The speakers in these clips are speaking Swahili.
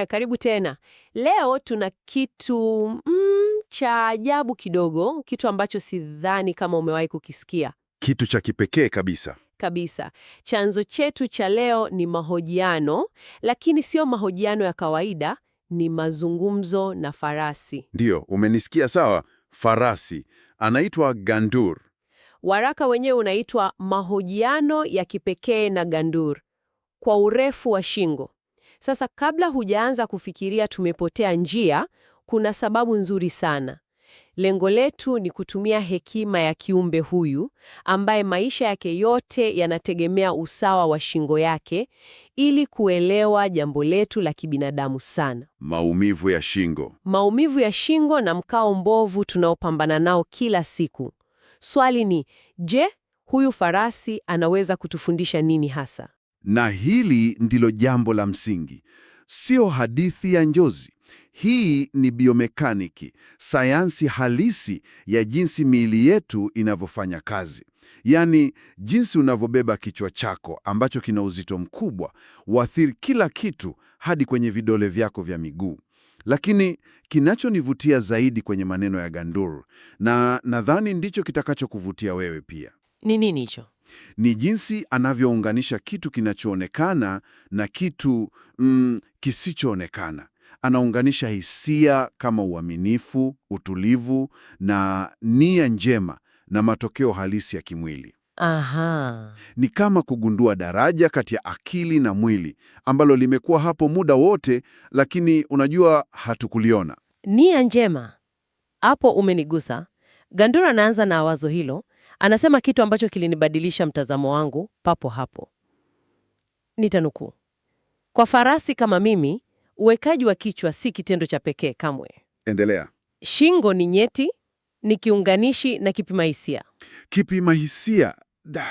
Haya, karibu tena. Leo tuna kitu mm, cha ajabu kidogo, kitu ambacho sidhani kama umewahi kukisikia, kitu cha kipekee kabisa kabisa. Chanzo chetu cha leo ni mahojiano, lakini sio mahojiano ya kawaida, ni mazungumzo na farasi. Ndiyo, umenisikia sawa? Farasi anaitwa Gandour. Waraka wenyewe unaitwa mahojiano ya kipekee na Gandour, kwa urefu wa shingo. Sasa kabla hujaanza kufikiria tumepotea njia, kuna sababu nzuri sana. Lengo letu ni kutumia hekima ya kiumbe huyu ambaye maisha yake yote yanategemea usawa wa shingo yake ili kuelewa jambo letu la kibinadamu sana. Maumivu ya shingo. Maumivu ya shingo na mkao mbovu tunaopambana nao kila siku. Swali ni, je, huyu farasi anaweza kutufundisha nini hasa? Na hili ndilo jambo la msingi, sio hadithi ya njozi. Hii ni biomekaniki, sayansi halisi ya jinsi miili yetu inavyofanya kazi, yaani jinsi unavyobeba kichwa chako ambacho kina uzito mkubwa waathiri kila kitu hadi kwenye vidole vyako vya miguu. Lakini kinachonivutia zaidi kwenye maneno ya Gandhur, na nadhani ndicho kitakachokuvutia wewe pia, ni nini hicho? ni jinsi anavyounganisha kitu kinachoonekana na kitu mm, kisichoonekana. Anaunganisha hisia kama uaminifu, utulivu na nia njema na matokeo halisi ya kimwili. Aha. Ni kama kugundua daraja kati ya akili na mwili ambalo limekuwa hapo muda wote, lakini unajua hatukuliona. Nia njema, hapo umenigusa. Gandura anaanza na wazo hilo Anasema kitu ambacho kilinibadilisha mtazamo wangu papo hapo. Nitanukuu, kwa farasi kama mimi, uwekaji wa kichwa si kitendo cha pekee kamwe. Endelea. Shingo ni nyeti, ni kiunganishi na kipima hisia. Kipima hisia, da,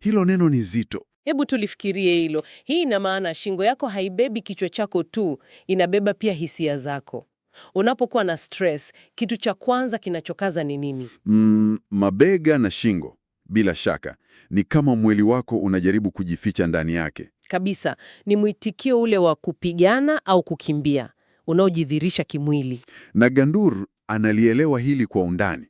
hilo neno ni zito. Hebu tulifikirie hilo. Hii ina maana shingo yako haibebi kichwa chako tu, inabeba pia hisia zako. Unapokuwa na stress, kitu cha kwanza kinachokaza ni nini? Mm, mabega na shingo. Bila shaka ni kama mwili wako unajaribu kujificha ndani yake kabisa. Ni mwitikio ule wa kupigana au kukimbia unaojidhirisha kimwili. Na Gandour analielewa hili kwa undani.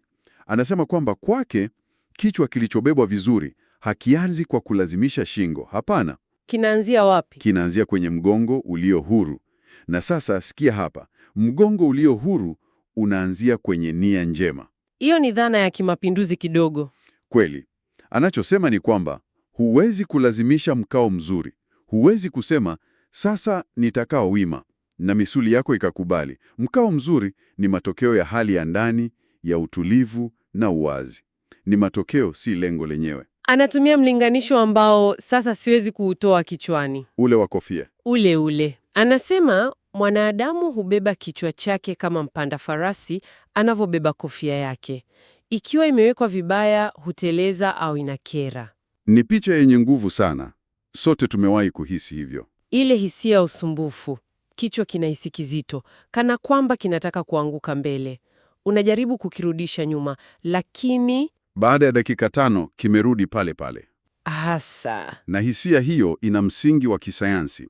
Anasema kwamba kwake kichwa kilichobebwa vizuri hakianzi kwa kulazimisha shingo. Hapana, kinaanzia wapi? Kinaanzia kwenye mgongo ulio huru, na sasa sikia hapa, mgongo ulio huru unaanzia kwenye nia njema. Hiyo ni dhana ya kimapinduzi kidogo. Kweli, anachosema ni kwamba huwezi kulazimisha mkao mzuri. Huwezi kusema sasa nitakaa wima na misuli yako ikakubali. Mkao mzuri ni matokeo ya hali ya ndani ya utulivu na uwazi, ni matokeo, si lengo lenyewe. Anatumia mlinganisho ambao sasa siwezi kuutoa kichwani, ule wa kofia ule ule. Anasema mwanadamu hubeba kichwa chake kama mpanda farasi anavyobeba kofia yake. Ikiwa imewekwa vibaya, huteleza au inakera. Ni picha yenye nguvu sana. Sote tumewahi kuhisi hivyo, ile hisia ya usumbufu. Kichwa kinahisi kizito, kana kwamba kinataka kuanguka mbele. Unajaribu kukirudisha nyuma, lakini baada ya dakika tano kimerudi pale pale hasa. Na hisia hiyo ina msingi wa kisayansi.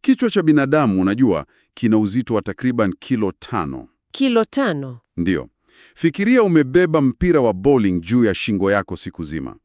Kichwa cha binadamu, unajua, kina uzito wa takriban kilo tano. Kilo tano? Ndiyo. Fikiria umebeba mpira wa bowling juu ya shingo yako siku zima.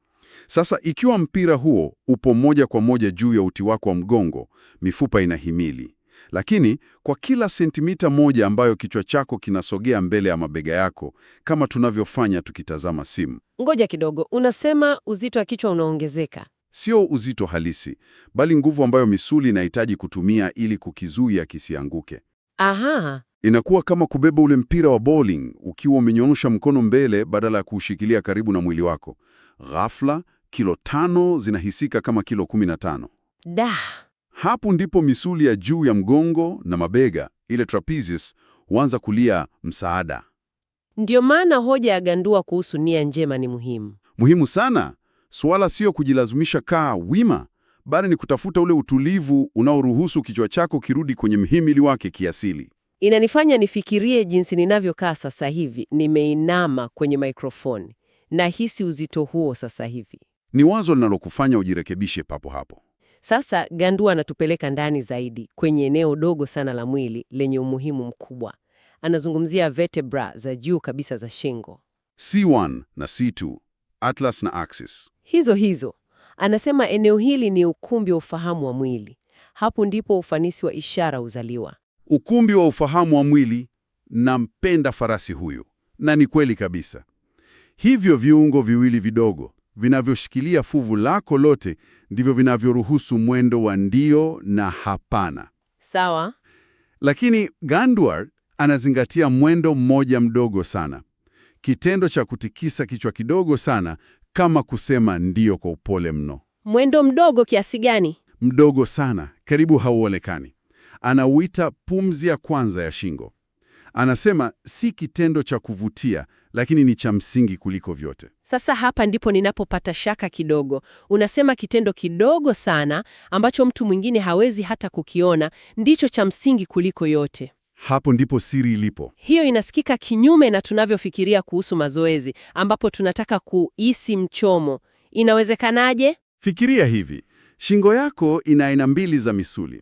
Sasa ikiwa mpira huo upo moja kwa moja juu ya uti wako wa mgongo, mifupa inahimili, lakini kwa kila sentimita moja ambayo kichwa chako kinasogea mbele ya mabega yako, kama tunavyofanya tukitazama simu. Ngoja kidogo, unasema uzito wa kichwa unaongezeka? Sio uzito halisi, bali nguvu ambayo misuli inahitaji kutumia ili kukizuia kisianguke. Aha. Inakuwa kama kubeba ule mpira wa bowling ukiwa umenyonosha mkono mbele badala ya kuushikilia karibu na mwili wako. Ghafla kilo tano zinahisika kama kilo kumi na tano. Da. Hapo ndipo misuli ya juu ya mgongo na mabega, ile trapezius, huanza kulia msaada. Ndiyo maana hoja ya Gandua kuhusu nia njema ni muhimu, muhimu sana. Suala sio kujilazimisha kaa wima, bali ni kutafuta ule utulivu unaoruhusu kichwa chako kirudi kwenye mhimili wake kiasili. Inanifanya nifikirie jinsi ninavyokaa sasa hivi, nimeinama kwenye na nahisi uzito huo sasa hivi. Ni wazo linalokufanya ujirekebishe papo hapo. Sasa Gandua anatupeleka ndani zaidi kwenye eneo dogo sana la mwili lenye umuhimu mkubwa. Anazungumzia vertebra za juu kabisa za shingo, C1 na C2. Atlas na Axis. Hizo hizo. Anasema eneo hili ni ukumbi wa ufahamu wa mwili. Hapo ndipo ufanisi wa ishara huzaliwa. Ukumbi wa ufahamu wa mwili. Nampenda farasi huyu, na ni kweli kabisa. Hivyo viungo viwili vidogo vinavyoshikilia fuvu lako lote ndivyo vinavyoruhusu mwendo wa ndio na hapana. Sawa, lakini Gandwar anazingatia mwendo mmoja mdogo sana kitendo cha kutikisa kichwa kidogo sana, kama kusema ndiyo kwa upole mno. Mwendo mdogo kiasi gani? Mdogo sana, karibu hauonekani. Anauita pumzi ya kwanza ya shingo. Anasema si kitendo cha kuvutia, lakini ni cha msingi kuliko vyote. Sasa hapa ndipo ninapopata shaka kidogo. Unasema kitendo kidogo sana ambacho mtu mwingine hawezi hata kukiona ndicho cha msingi kuliko yote. Hapo ndipo siri ilipo. Hiyo inasikika kinyume na tunavyofikiria kuhusu mazoezi, ambapo tunataka kuhisi mchomo. Inawezekanaje? Fikiria hivi, shingo yako ina aina mbili za misuli.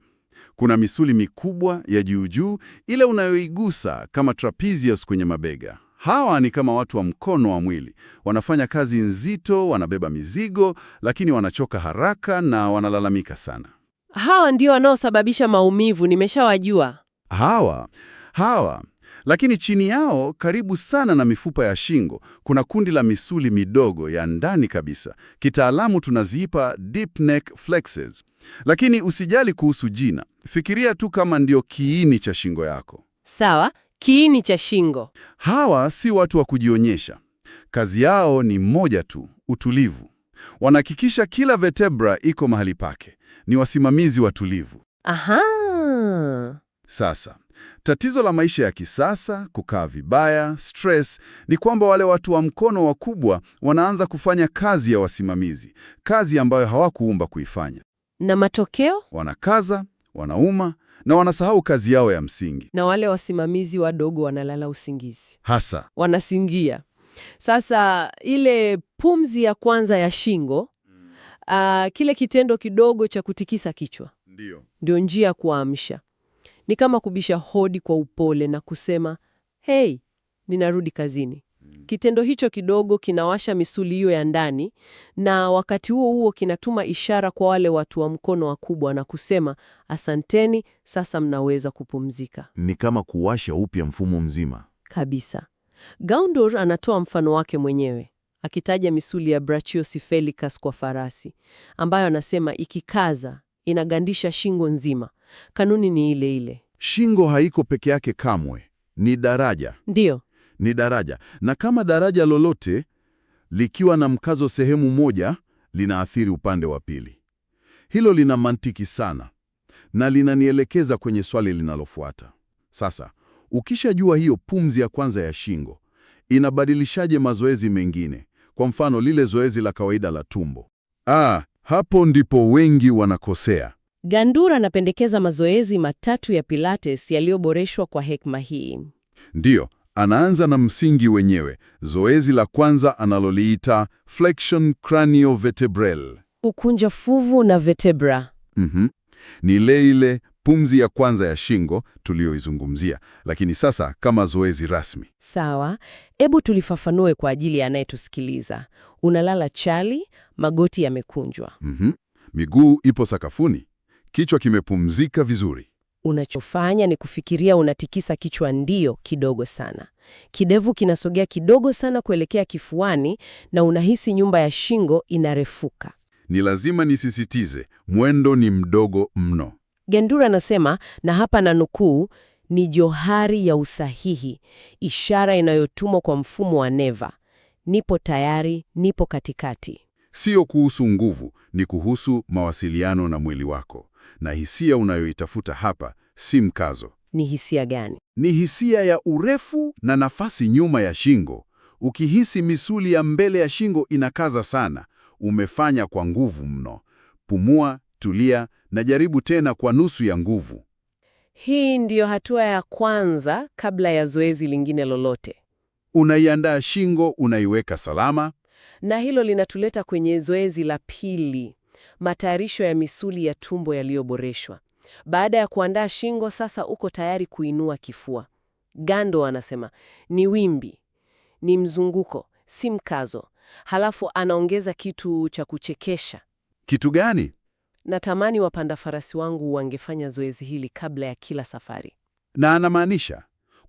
Kuna misuli mikubwa ya juu juu, ile unayoigusa kama trapezius kwenye mabega. Hawa ni kama watu wa mkono wa mwili, wanafanya kazi nzito, wanabeba mizigo, lakini wanachoka haraka na wanalalamika sana. Hawa ndio wanaosababisha maumivu, nimeshawajua hawa hawa. Lakini chini yao, karibu sana na mifupa ya shingo, kuna kundi la misuli midogo ya ndani kabisa. Kitaalamu tunaziipa deep neck flexes. Lakini usijali kuhusu jina, fikiria tu kama ndio kiini cha shingo yako. Sawa, kiini cha shingo. Hawa si watu wa kujionyesha. Kazi yao ni moja tu, utulivu. Wanahakikisha kila vertebra iko mahali pake. Ni wasimamizi watulivu. Aha. Sasa tatizo la maisha ya kisasa, kukaa vibaya, stress, ni kwamba wale watu wa mkono wakubwa wanaanza kufanya kazi ya wasimamizi, kazi ambayo hawakuumba kuifanya, na matokeo wanakaza, wanauma na wanasahau kazi yao ya msingi, na wale wasimamizi wadogo wanalala usingizi, hasa wanasingia. Sasa ile pumzi ya kwanza ya shingo, uh, kile kitendo kidogo cha kutikisa kichwa ndio ndio njia ya kuamsha ni kama kubisha hodi kwa upole na kusema hei, ninarudi kazini. Mm. Kitendo hicho kidogo kinawasha misuli hiyo ya ndani, na wakati huo huo kinatuma ishara kwa wale watu wa mkono wakubwa na kusema asanteni, sasa mnaweza kupumzika. Ni kama kuwasha upya mfumo mzima kabisa. Gaundor anatoa mfano wake mwenyewe akitaja misuli ya brachiocephalicus kwa farasi, ambayo anasema ikikaza inagandisha shingo nzima. Kanuni ni ile ile. Shingo haiko peke yake kamwe, ni daraja. Ndiyo, ni daraja, na kama daraja lolote likiwa na mkazo sehemu moja, linaathiri upande wa pili. Hilo lina mantiki sana na linanielekeza kwenye swali linalofuata. Sasa ukishajua hiyo pumzi ya kwanza ya shingo, inabadilishaje mazoezi mengine? Kwa mfano lile zoezi la kawaida la tumbo. Ah, hapo ndipo wengi wanakosea. Gandura anapendekeza mazoezi matatu ya Pilates yaliyoboreshwa kwa hekima hii. Ndiyo, anaanza na msingi wenyewe. Zoezi la kwanza analoliita flexion craniovertebral, ukunja fuvu na vertebra. mm -hmm. Ni ile ile pumzi ya kwanza ya shingo tuliyoizungumzia, lakini sasa kama zoezi rasmi. Sawa, hebu tulifafanue kwa ajili ya anayetusikiliza. Unalala chali, magoti yamekunjwa. Mm -hmm. Miguu ipo sakafuni, kichwa kimepumzika vizuri. Unachofanya ni kufikiria, unatikisa kichwa ndio kidogo sana. Kidevu kinasogea kidogo sana kuelekea kifuani na unahisi nyumba ya shingo inarefuka. Ni lazima nisisitize, mwendo ni mdogo mno. Gendura anasema, na hapa na nukuu, ni johari ya usahihi, ishara inayotumwa kwa mfumo wa neva nipo tayari, nipo katikati. Sio kuhusu nguvu, ni kuhusu mawasiliano na mwili wako. Na hisia unayoitafuta hapa si mkazo. Ni hisia gani? Ni hisia ya urefu na nafasi nyuma ya shingo. Ukihisi misuli ya mbele ya shingo inakaza sana, umefanya kwa nguvu mno. Pumua, tulia na jaribu tena kwa nusu ya nguvu. Hii ndiyo hatua ya kwanza kabla ya zoezi lingine lolote unaiandaa shingo, unaiweka salama. Na hilo linatuleta kwenye zoezi la pili, matayarisho ya misuli ya tumbo yaliyoboreshwa. Baada ya kuandaa shingo, sasa uko tayari kuinua kifua. Gando anasema ni wimbi, ni mzunguko, si mkazo. Halafu anaongeza kitu cha kuchekesha. Kitu gani? Natamani wapanda farasi wangu wangefanya zoezi hili kabla ya kila safari. Na anamaanisha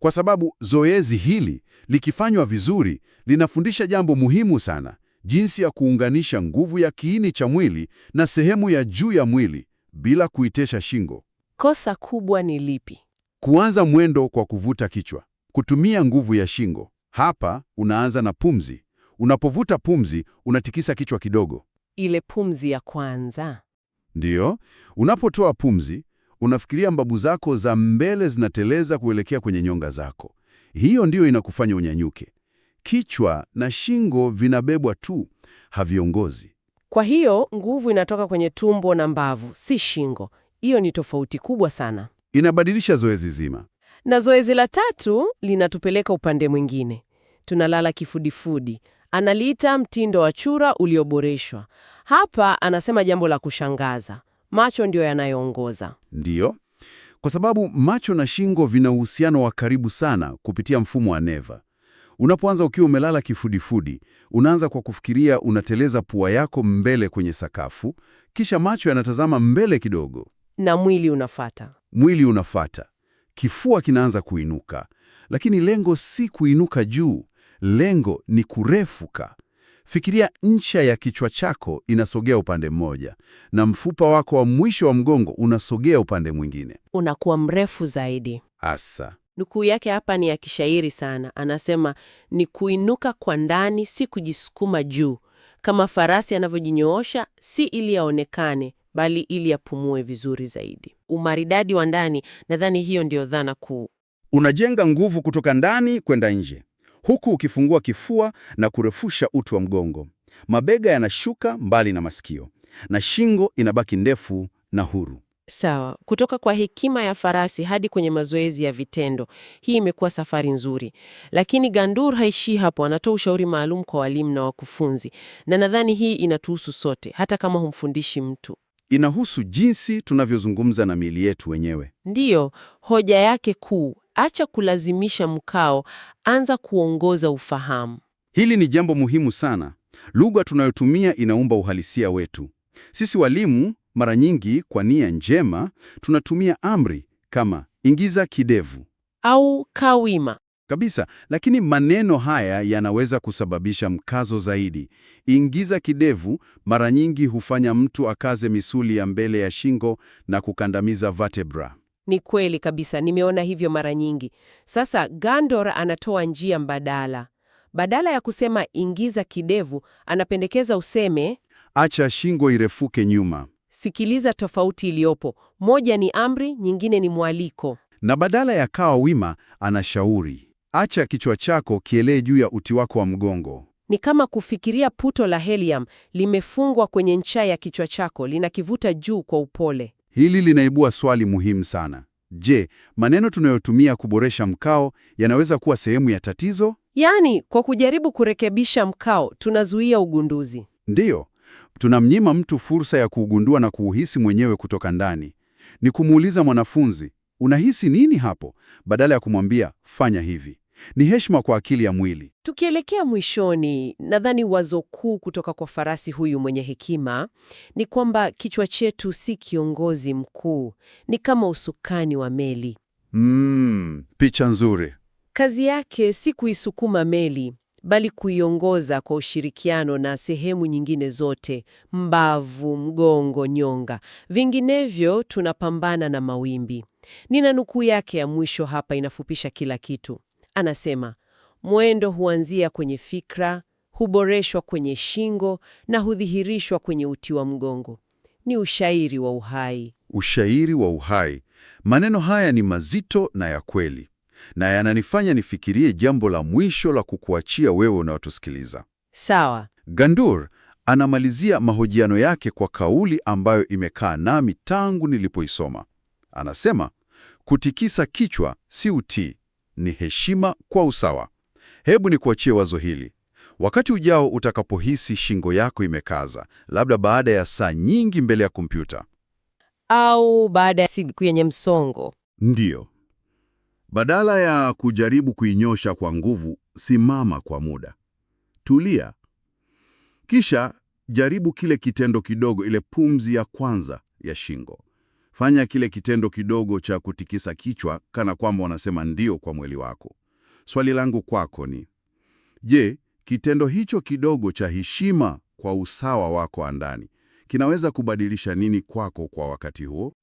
kwa sababu zoezi hili likifanywa vizuri linafundisha jambo muhimu sana, jinsi ya kuunganisha nguvu ya kiini cha mwili na sehemu ya juu ya mwili bila kuitesha shingo. Kosa kubwa ni lipi? Kuanza mwendo kwa kuvuta kichwa, kutumia nguvu ya shingo. Hapa unaanza na pumzi. Unapovuta pumzi, unatikisa kichwa kidogo, ile pumzi ya kwanza. Ndiyo, unapotoa pumzi unafikiria mbavu zako za mbele zinateleza kuelekea kwenye nyonga zako. Hiyo ndiyo inakufanya unyanyuke. Kichwa na shingo vinabebwa tu, haviongozi. Kwa hiyo nguvu inatoka kwenye tumbo na mbavu, si shingo. Hiyo ni tofauti kubwa sana, inabadilisha zoezi zima. Na zoezi la tatu linatupeleka upande mwingine, tunalala kifudifudi. Analiita mtindo wa chura ulioboreshwa. Hapa anasema jambo la kushangaza macho ndiyo yanayoongoza. Ndiyo, kwa sababu macho na shingo vina uhusiano wa karibu sana kupitia mfumo wa neva. Unapoanza ukiwa umelala kifudifudi, unaanza kwa kufikiria, unateleza pua yako mbele kwenye sakafu, kisha macho yanatazama mbele kidogo na mwili unafata. Mwili unafata, kifua kinaanza kuinuka, lakini lengo si kuinuka juu, lengo ni kurefuka. Fikiria ncha ya kichwa chako inasogea upande mmoja na mfupa wako wa mwisho wa mgongo unasogea upande mwingine, unakuwa mrefu zaidi. Asa, nukuu yake hapa ni ya kishairi sana. Anasema ni kuinuka kwa ndani, si kujisukuma juu, kama farasi anavyojinyoosha, si ili yaonekane bali ili yapumue vizuri zaidi. Umaridadi wa ndani, nadhani hiyo ndiyo dhana kuu. Unajenga nguvu kutoka ndani kwenda nje huku ukifungua kifua na kurefusha uti wa mgongo. Mabega yanashuka mbali na masikio na shingo inabaki ndefu na huru. Sawa. Kutoka kwa hekima ya farasi hadi kwenye mazoezi ya vitendo, hii imekuwa safari nzuri, lakini Gandour haishii hapo. Anatoa ushauri maalum kwa walimu na wakufunzi, na nadhani hii inatuhusu sote, hata kama humfundishi mtu. Inahusu jinsi tunavyozungumza na miili yetu wenyewe. Ndiyo hoja yake kuu, Acha kulazimisha mkao, anza kuongoza ufahamu. Hili ni jambo muhimu sana. Lugha tunayotumia inaumba uhalisia wetu. Sisi walimu mara nyingi, kwa nia njema, tunatumia amri kama ingiza kidevu au kaa wima kabisa, lakini maneno haya yanaweza kusababisha mkazo zaidi. Ingiza kidevu mara nyingi hufanya mtu akaze misuli ya mbele ya shingo na kukandamiza vertebra. Ni kweli kabisa, nimeona hivyo mara nyingi. Sasa Gandor anatoa njia mbadala. Badala ya kusema ingiza kidevu, anapendekeza useme acha shingo irefuke nyuma. Sikiliza tofauti iliyopo, moja ni amri, nyingine ni mwaliko. Na badala ya kawa wima, anashauri acha kichwa chako kielee juu ya uti wako wa mgongo. Ni kama kufikiria puto la helium limefungwa kwenye ncha ya kichwa chako, linakivuta juu kwa upole. Hili linaibua swali muhimu sana. Je, maneno tunayotumia kuboresha mkao yanaweza kuwa sehemu ya tatizo? Yaani, kwa kujaribu kurekebisha mkao tunazuia ugunduzi. Ndiyo, tunamnyima mtu fursa ya kuugundua na kuuhisi mwenyewe kutoka ndani. Ni kumuuliza mwanafunzi, unahisi nini hapo, badala ya kumwambia fanya hivi. Ni heshima kwa akili ya mwili. Tukielekea mwishoni, nadhani wazo kuu kutoka kwa farasi huyu mwenye hekima ni kwamba kichwa chetu si kiongozi mkuu, ni kama usukani wa meli. Mm, picha nzuri. Kazi yake si kuisukuma meli, bali kuiongoza kwa ushirikiano na sehemu nyingine zote: mbavu, mgongo, nyonga. Vinginevyo tunapambana na mawimbi. Nina nukuu yake ya mwisho hapa, inafupisha kila kitu. Anasema mwendo huanzia kwenye fikra, huboreshwa kwenye shingo na hudhihirishwa kwenye uti wa mgongo. Ni ushairi wa uhai. Ushairi wa uhai. Maneno haya ni mazito na ya kweli, na yananifanya nifikirie jambo la mwisho la kukuachia wewe unaotusikiliza. Sawa. Gandour anamalizia mahojiano yake kwa kauli ambayo imekaa nami tangu nilipoisoma. Anasema, kutikisa kichwa si utii, ni heshima kwa usawa. Hebu ni kuachie wazo hili wakati ujao utakapohisi shingo yako imekaza, labda baada ya saa nyingi mbele ya kompyuta au baada ya siku yenye msongo. Ndiyo, badala ya kujaribu kuinyosha kwa nguvu, simama kwa muda, tulia, kisha jaribu kile kitendo kidogo, ile pumzi ya kwanza ya shingo. Fanya kile kitendo kidogo cha kutikisa kichwa kana kwamba wanasema ndio kwa mwili wako. Swali langu kwako ni je, kitendo hicho kidogo cha heshima kwa usawa wako wa ndani kinaweza kubadilisha nini kwako kwa wakati huo?